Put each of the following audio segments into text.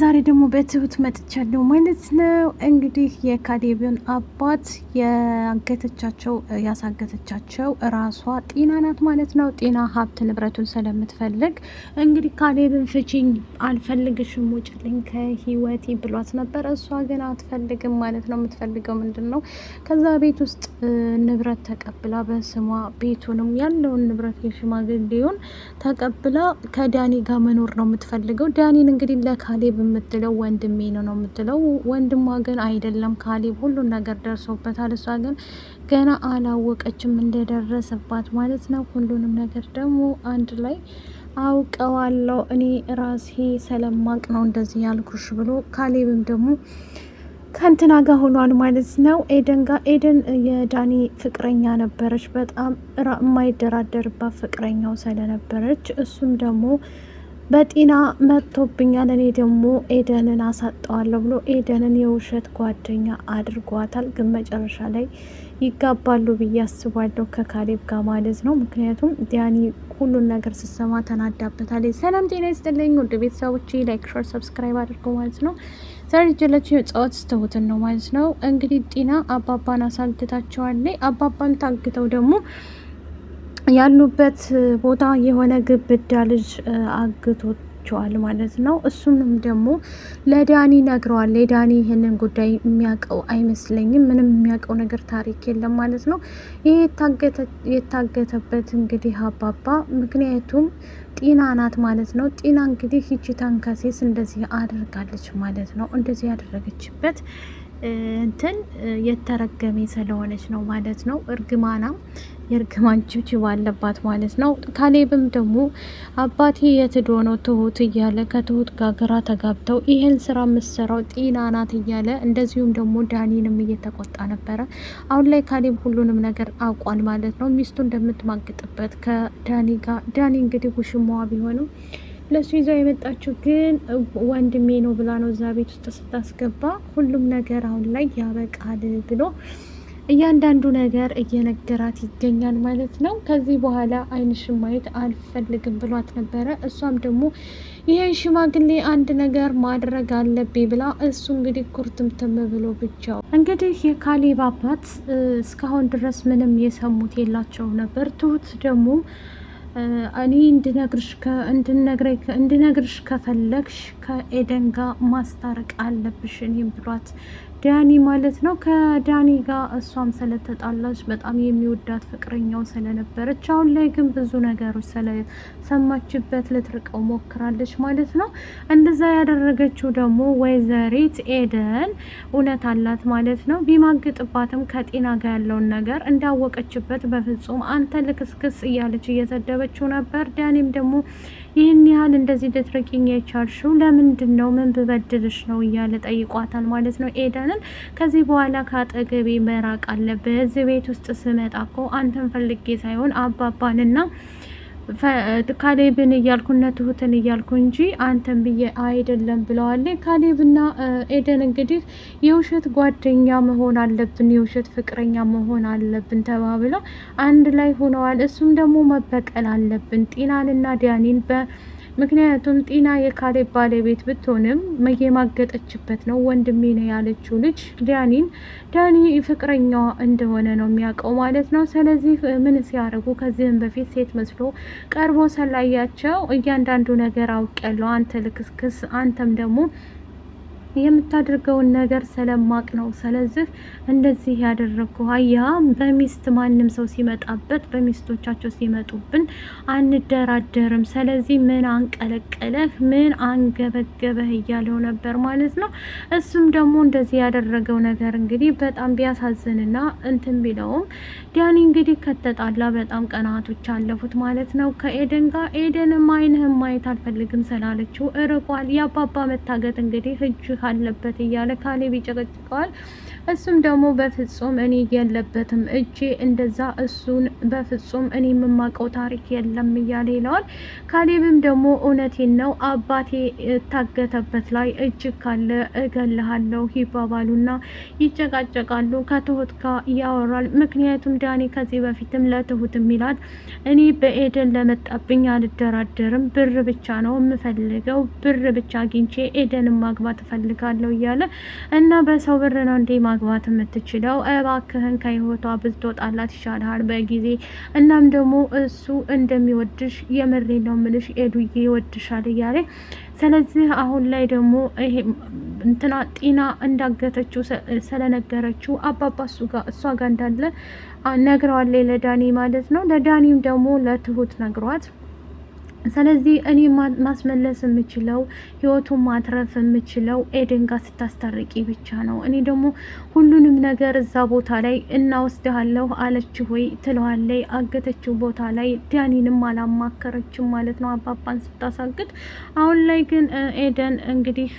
ዛሬ ደግሞ በትሁት መጥቻለሁ ማለት ነው። እንግዲህ የካሌብን አባት ያገተቻቸው ያሳገተቻቸው ራሷ ጤና ናት ማለት ነው። ጤና ሀብት ንብረቱን ስለምትፈልግ እንግዲህ ካሌብን ፍቺኝ፣ አልፈልግሽም፣ ውጭልኝ ከህይወቴ ብሏት ነበር። እሷ ግን አትፈልግም ማለት ነው። የምትፈልገው ምንድን ነው? ከዛ ቤት ውስጥ ንብረት ተቀብላ በስሟ ቤቱንም ያለውን ንብረት የሽማግሌውን ተቀብላ ከዳኒ ጋር መኖር ነው የምትፈልገው። ዳኒን እንግዲህ ለካ ካሌብ የምትለው ወንድሜ ነው ነው የምትለው። ወንድሟ ግን አይደለም ካሌብ ሁሉን ነገር ደርሶበታል። እሷ ግን ገና አላወቀችም እንደደረሰባት ማለት ነው። ሁሉንም ነገር ደግሞ አንድ ላይ አውቀዋለሁ እኔ ራሴ ስለማቅ ነው እንደዚህ ያልኩሽ ብሎ ካሌብም ደግሞ ከእንትና ጋር ሆኗል ማለት ነው። ኤደን ጋር ኤደን የዳኒ ፍቅረኛ ነበረች። በጣም የማይደራደርባት ፍቅረኛው ስለነበረች እሱም ደግሞ በጤና መጥቶብኛል እኔ ደግሞ ኤደንን አሳጠዋለሁ ብሎ ኤደንን የውሸት ጓደኛ አድርጓታል። ግን መጨረሻ ላይ ይጋባሉ ብዬ አስባለሁ ከካሌብ ጋር ማለት ነው። ምክንያቱም ዲያኒ ሁሉን ነገር ስሰማ ተናዳበታል። ሰላም ጤና ይስጥልኝ ውድ ቤተሰቦች፣ ላይክ፣ ሸር፣ ሰብስክራይብ አድርገው ማለት ነው። ዛሬ ጀለችን የጸወት ስትሁትን ነው ማለት ነው። እንግዲህ ጤና አባባን አሳግታቸዋለች። አባባን ታግተው ደግሞ ያሉበት ቦታ የሆነ ግብዳ ልጅ አግቶቸዋል ማለት ነው። እሱንም ደግሞ ለዳኒ ነግረዋል። ለዳኒ ይህንን ጉዳይ የሚያውቀው አይመስለኝም። ምንም የሚያውቀው ነገር ታሪክ የለም ማለት ነው። ይህ የታገተበት እንግዲህ አባባ ምክንያቱም ጤና ናት ማለት ነው። ጤና እንግዲህ ይቺ ታንካሴስ እንደዚህ አድርጋለች ማለት ነው። እንደዚህ ያደረገችበት እንትን የተረገሜ ስለሆነች ነው ማለት ነው። እርግማናም የእርግማን ችብችብ አለባት ማለት ነው። ካሌብም ደግሞ አባቴ የትዶ ነው ትሁት እያለ ከትሁት ጋር ግራ ተጋብተው ይህን ስራ የምትሰራው ጤና ናት እያለ እንደዚሁም ደግሞ ዳኒንም እየተቆጣ ነበረ። አሁን ላይ ካሌብ ሁሉንም ነገር አውቋል ማለት ነው። ሚስቱ እንደምትማግጥበት ከዳኒ ጋር ዳኒ እንግዲህ ውሽማዋ ቢሆንም ለእሱ ይዘው የመጣችው ግን ወንድሜ ነው ብላ ነው እዛ ቤት ውስጥ ስታስገባ ሁሉም ነገር አሁን ላይ ያበቃል ብሎ እያንዳንዱ ነገር እየነገራት ይገኛል ማለት ነው። ከዚህ በኋላ ዓይንሽን ማየት አልፈልግም ብሏት ነበረ። እሷም ደግሞ ይሄን ሽማግሌ አንድ ነገር ማድረግ አለብኝ ብላ እሱ እንግዲህ ኩርትምትም ብሎ ብቻው እንግዲህ የካሌብ አባት እስካሁን ድረስ ምንም የሰሙት የላቸው ነበር። ትሁት ደግሞ እኔ እንድነግርሽ እንድነግረኝ እንድነግርሽ ከፈለግሽ ከኤደን ጋር ማስታረቅ አለብሽ እኔም ብሏት ዳኒ ማለት ነው። ከዳኒ ጋር እሷም ስለተጣላች በጣም የሚወዳት ፍቅረኛው ስለነበረች አሁን ላይ ግን ብዙ ነገሮች ስለሰማችበት ልትርቀው ሞክራለች ማለት ነው። እንደዛ ያደረገችው ደግሞ ወይዘሪት ኤደን እውነት አላት ማለት ነው። ቢማግጥባትም ከጤና ጋር ያለውን ነገር እንዳወቀችበት በፍጹም አንተ ልክስክስ እያለች እየሰደበችው ነበር። ዳኒም ደግሞ ይህን ያህል እንደዚህ ልትርቂኝ የቻልሽው ለምንድን ነው? ምን ብበድልሽ ነው? እያለ ጠይቋታል ማለት ነው ኤደንን። ከዚህ በኋላ ከአጠገቤ መራቅ አለብህ። እዚህ ቤት ውስጥ ስመጣ እኮ አንተን ፈልጌ ሳይሆን አባባንና ካሌብን እያልኩ ትሁትን እያልኩ እንጂ አንተን ብዬ አይደለም ብለዋለኝ። ካሌብና ኤደን እንግዲህ የውሸት ጓደኛ መሆን አለብን፣ የውሸት ፍቅረኛ መሆን አለብን ተባብለው አንድ ላይ ሆነዋል። እሱም ደግሞ መበቀል አለብን ጤናንና ዲያኒን በ ምክንያቱም ቲና የካሌብ ባለቤት ብትሆንም የማገጠችበት ነው ወንድሜ ነው ያለችው ልጅ ዳኒን ዳኒ ፍቅረኛዋ እንደሆነ ነው የሚያውቀው ማለት ነው። ስለዚህ ምን ሲያደርጉ ከዚህም በፊት ሴት መስሎ ቀርቦ ሰላያቸው እያንዳንዱ ነገር አውቅ ያለው አንተ ልክስክስ አንተም ደግሞ የምታደርገውን ነገር ስለማቅ ነው። ስለዚህ እንደዚህ ያደረግኩ ያ በሚስት ማንም ሰው ሲመጣበት በሚስቶቻቸው ሲመጡብን አንደራደርም። ስለዚህ ምን አንቀለቀለህ፣ ምን አንገበገበህ እያለው ነበር ማለት ነው። እሱም ደግሞ እንደዚህ ያደረገው ነገር እንግዲህ በጣም ቢያሳዝንና እንትን ቢለውም ዲያኒ እንግዲህ ከተጣላ በጣም ቀናቶች አለፉት ማለት ነው ከኤደን ጋር። ኤደንም አይንህም ማየት አልፈልግም ስላለችው እርቋል። የአባባ መታገት እንግዲህ እጅ አለበት እያለ ካሌብ ይጨቀጭቀዋል። እሱም ደግሞ በፍጹም እኔ የለበትም እጄ እንደዛ እሱን በፍጹም እኔ የምማቀው ታሪክ የለም እያለ ይለዋል። ካሌብም ደግሞ እውነቴን ነው አባቴ ታገተበት ላይ እጅግ ካለ እገልሃለሁ ይባባሉና ይጨቃጨቃሉ። ከትሁት ጋር ያወራል። ምክንያቱም ዳኔ ከዚህ በፊትም ለትሁት የሚላት እኔ በኤደን ለመጣብኝ አልደራደርም፣ ብር ብቻ ነው የምፈልገው፣ ብር ብቻ አግኝቼ ኤደን ማግባት እፈልጋለሁ እያለ እና በሰው ብር ነው እንዴ ማግባት የምትችለው እባክህን ከህይወቷ ብትወጣላት ይሻልሃል በጊዜ እናም ደግሞ እሱ እንደሚወድሽ የምሬ ነው ምልሽ ኤዱዬ ይወድሻል እያለ ስለዚህ አሁን ላይ ደግሞ ይሄ እንትና ጤና እንዳገተችው ስለነገረችው አባባ እሱ ጋር እሷ ጋር እንዳለ ነግረዋል ለዳኒ ማለት ነው። ለዳኒም ደግሞ ለትሁት ነግሯት ስለዚህ እኔ ማስመለስ የምችለው ህይወቱን ማትረፍ የምችለው ኤደን ጋር ስታስታርቂ ብቻ ነው። እኔ ደግሞ ሁሉንም ነገር እዛ ቦታ ላይ እናወስድሃለሁ አለች ወይ ትለዋለይ። አገተችው ቦታ ላይ ዳኒንም አላማከረችም ማለት ነው አባባን ስታሳግድ። አሁን ላይ ግን ኤደን እንግዲህ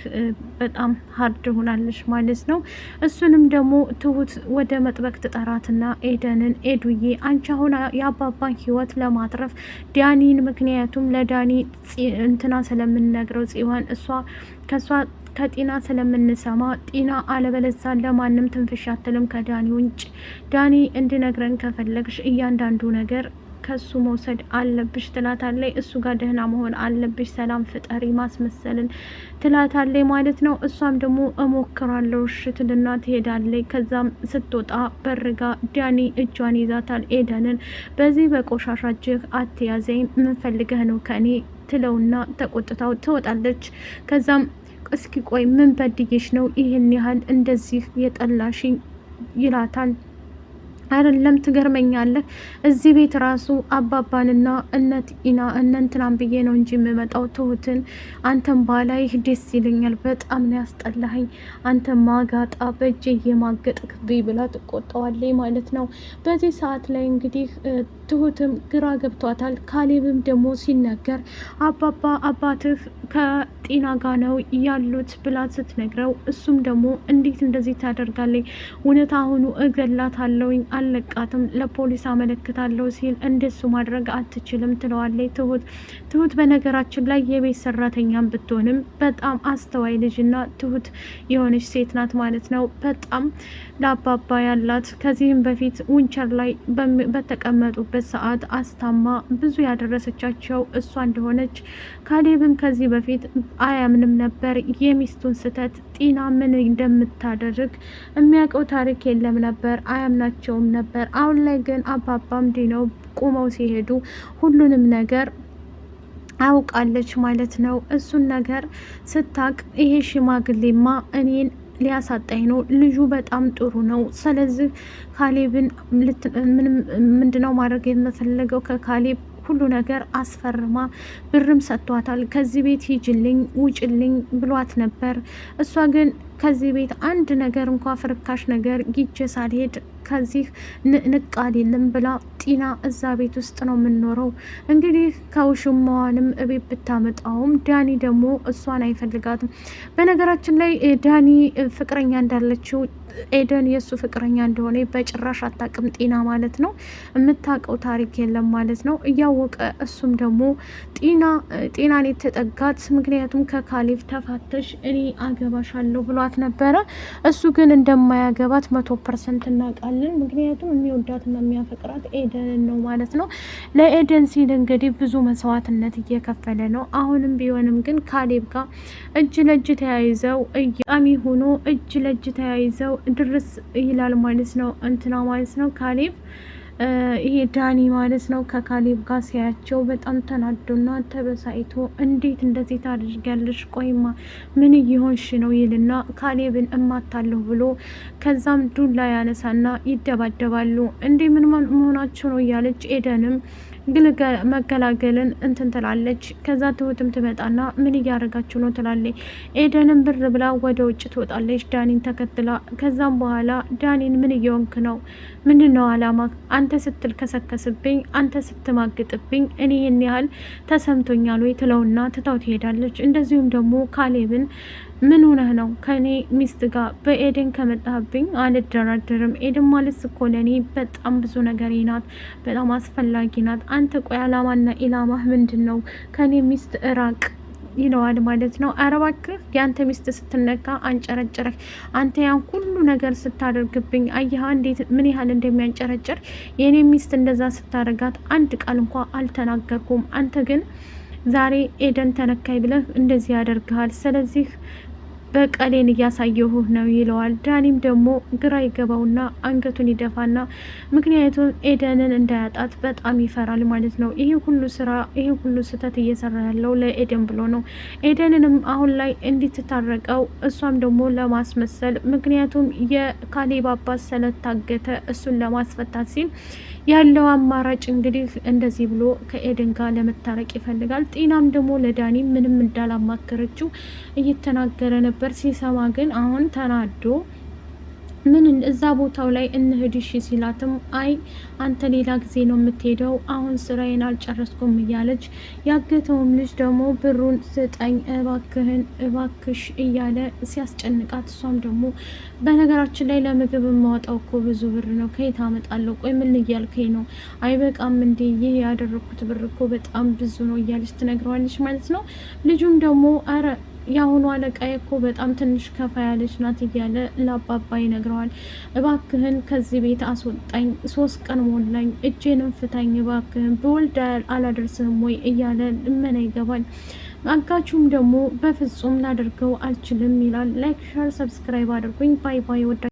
በጣም ሀርድ ሆናለች ማለት ነው። እሱንም ደግሞ ትሁት ወደ መጥበቅ ትጠራትና ኤደንን ኤዱዬ አንቺ አሁን የአባባን ህይወት ለማትረፍ ዳኒን ምክንያቱም ለዳኒ እንትና ስለምንነግረው ጽዮን እሷ ከእሷ ከጤና ስለምንሰማ ጤና አለበለዚያ ለማንም ትንፍሽ አትልም ከዳኒ ውንጭ ዳኒ እንድነግረን ከፈለግሽ እያንዳንዱ ነገር ከሱ መውሰድ አለብሽ ትላታለይ እሱ ጋር ደህና መሆን አለብሽ፣ ሰላም ፍጠሪ፣ ማስመሰልን ትላታለይ ማለት ነው። እሷም ደግሞ እሞክራለሁ እሺ ትልና ትሄዳለች። ከዛም ስትወጣ በርጋ ዳኒ እጇን ይዛታል ኤደንን። በዚህ በቆሻሻ እጅህ አትያዘኝ፣ ምን ፈልገህ ነው ከእኔ ትለውና ተቆጥታው ትወጣለች። ከዛም እስኪ ቆይ ምን በድዬሽ ነው ይህን ያህል እንደዚህ የጠላሽኝ? ይላታል አይደለም ትገርመኛለህ። እዚህ ቤት ራሱ አባባንና እነት ኢና እነንትናን ብዬ ነው እንጂ የምመጣው ትሁትን አንተን ባላይህ ደስ ይለኛል። በጣም ነው ያስጠላኸኝ። አንተ ማጋጣ በእጅ የማገጥ ክብ ብላ ትቆጣዋለች ማለት ነው። በዚህ ሰዓት ላይ እንግዲህ ትሁትም ግራ ገብቷታል። ካሌብም ደግሞ ሲነገር አባባ አባትህ ከጤና ጋ ነው ያሉት ብላት ስትነግረው እሱም ደግሞ እንዴት እንደዚህ ታደርጋለኝ? እውነት አሁኑ እገላታለሁኝ፣ አለቃትም ለፖሊስ አመለክታለሁ ሲል እንደሱ ማድረግ አትችልም ትለዋለች ትሁት። ትሁት በነገራችን ላይ የቤት ሰራተኛም ብትሆንም በጣም አስተዋይ ልጅና ትሁት የሆነች ሴት ናት ማለት ነው። በጣም ለአባባ ያላት ከዚህም በፊት ውንቸር ላይ በተቀመጡ በነበረበት ሰዓት አስታማ ብዙ ያደረሰቻቸው እሷ እንደሆነች ካሌብም ከዚህ በፊት አያምንም ነበር። የሚስቱን ስህተት ጤና ምን እንደምታደርግ የሚያውቀው ታሪክ የለም ነበር፣ አያምናቸውም ነበር። አሁን ላይ ግን አባባም ዲነው ቁመው ሲሄዱ ሁሉንም ነገር አውቃለች ማለት ነው። እሱን ነገር ስታቅ ይሄ ሽማግሌማ እኔን ሊያሳጣኝ ነው። ልጁ በጣም ጥሩ ነው። ስለዚህ ካሌብን ምንድነው ማድረግ የምፈልገው ከካሌብ ሁሉ ነገር አስፈርማ ብርም ሰጥቷታል። ከዚህ ቤት ሂጅልኝ፣ ውጭልኝ ብሏት ነበር። እሷ ግን ከዚህ ቤት አንድ ነገር እንኳ ፍርካሽ ነገር ጊጀ ሳልሄድ ከዚህ ንቅ አልልም ብላ ጢና እዛ ቤት ውስጥ ነው የምንኖረው። እንግዲህ ከውሽማዋንም እቤት ብታመጣውም ዳኒ ደግሞ እሷን አይፈልጋትም። በነገራችን ላይ ዳኒ ፍቅረኛ እንዳለችው ኤደን የእሱ ፍቅረኛ እንደሆነ በጭራሽ አታውቅም ጤና ማለት ነው። የምታውቀው ታሪክ የለም ማለት ነው። እያወቀ እሱም ደግሞ ጤና ጤናን የተጠጋት ምክንያቱም ከካሌብ ተፋተሽ እኔ አገባሻለሁ ብሏት ነበረ። እሱ ግን እንደማያገባት መቶ ፐርሰንት እናውቃለን። እንችላለን። ምክንያቱም የሚወዳትና የሚያፈቅራት ኤደንን ነው ማለት ነው። ለኤደን ሲል እንግዲህ ብዙ መስዋዕትነት እየከፈለ ነው። አሁንም ቢሆንም ግን ካሌብ ጋር እጅ ለእጅ ተያይዘው እያሚ ሆኖ እጅ ለእጅ ተያይዘው ድርስ ይላል ማለት ነው እንትና ማለት ነው ካሌብ ይሄ ዳኒ ማለት ነው ከካሌብ ጋር ሲያያቸው በጣም ተናዶና ተበሳይቶ እንዴት እንደዚህ ታደርጊያለሽ? ቆይማ ምን እየሆንሽ ነው? ይልና ካሌብን እማታለሁ ብሎ ከዛም ዱላ ያነሳና ይደባደባሉ። እንዴ ምን መሆናቸው ነው እያለች ኤደንም መገላገልን እንትን ትላለች። ከዛ ትሁትም ትመጣና ምን እያደረጋችሁ ነው ትላለች። ኤደንም ብር ብላ ወደ ውጭ ትወጣለች ዳኒን ተከትላ። ከዛም በኋላ ዳኒን ምን እየወንክ ነው? ምንድን ነው አላማ? አንተ ስትል ከሰከስብኝ፣ አንተ ስትማግጥብኝ እኔ ይህን ያህል ተሰምቶኛል ወይ ትለውና ትታው ትሄዳለች። እንደዚሁም ደግሞ ካሌብን ምን ሆነህ ነው ከኔ ሚስት ጋር በኤደን ከመጣህብኝ አልደራደርም። ኤደን ማለት ስኮ በጣም ብዙ ነገር ናት፣ በጣም አስፈላጊ ናት አንተ ቆይ አላማና ኢላማህ ምንድን ነው? ከኔ ሚስት እራቅ ይለዋል ማለት ነው። አረባክህ የአንተ ሚስት ስትነካ አንጨረጨረህ አንተ ያን ሁሉ ነገር ስታደርግብኝ አየህ እንዴት ምን ያህል እንደሚያንጨረጭር የእኔ ሚስት እንደዛ ስታደርጋት አንድ ቃል እንኳ አልተናገርኩም። አንተ ግን ዛሬ ኤደን ተነካይ ብለህ እንደዚህ ያደርግሃል። ስለዚህ በቀሌን እያሳየሁ ነው ይለዋል። ዳኒም ደግሞ ግራ ይገባውና አንገቱን ይደፋና ምክንያቱም ኤደንን እንዳያጣት በጣም ይፈራል ማለት ነው። ይህ ሁሉ ስራ ይህ ሁሉ ስህተት እየሰራ ያለው ለኤደን ብሎ ነው። ኤደንንም አሁን ላይ እንድትታረቀው እሷም ደግሞ ለማስመሰል ምክንያቱም የካሌብ አባት ስለታገተ እሱን ለማስፈታት ሲል ያለው አማራጭ እንግዲህ እንደዚህ ብሎ ከኤደን ጋር ለመታረቅ ይፈልጋል። ጤናም ደግሞ ለዳኒ ምንም እንዳላማከረችው እየተናገረ ነበር። ሲሰማ ግን አሁን ተናዶ ምን እዛ ቦታው ላይ እንሂድ እሺ ሲላትም አይ አንተ ሌላ ጊዜ ነው የምትሄደው፣ አሁን ስራዬን አልጨረስኩም እያለች ያገተውም ልጅ ደግሞ ብሩን ስጠኝ እባክህን እባክሽ እያለ ሲያስጨንቃት፣ እሷም ደግሞ በነገራችን ላይ ለምግብ የማወጣው እኮ ብዙ ብር ነው፣ ከየት አመጣለሁ? ቆይ ምን እያልከኝ ነው? አይ በቃም እንዴ? ይህ ያደረግኩት ብር እኮ በጣም ብዙ ነው እያለች ትነግረዋለች ማለት ነው። ልጁም ደግሞ አረ የአሁኑ አለቃዬ እኮ በጣም ትንሽ ከፋ ያለች ናት እያለ ለአባባ ይነግረዋል። እባክህን ከዚህ ቤት አስወጣኝ፣ ሶስት ቀን ሞላኝ፣ እጄንም ፍታኝ፣ እባክህን በወልድ አላደርስህም ወይ እያለ ልመና ይገባል። አጋቹም ደግሞ በፍጹም ላደርገው አልችልም ይላል። ላይክ፣ ሸር፣ ሰብስክራይብ አድርጉኝ። ባይ ባይ። ወዳ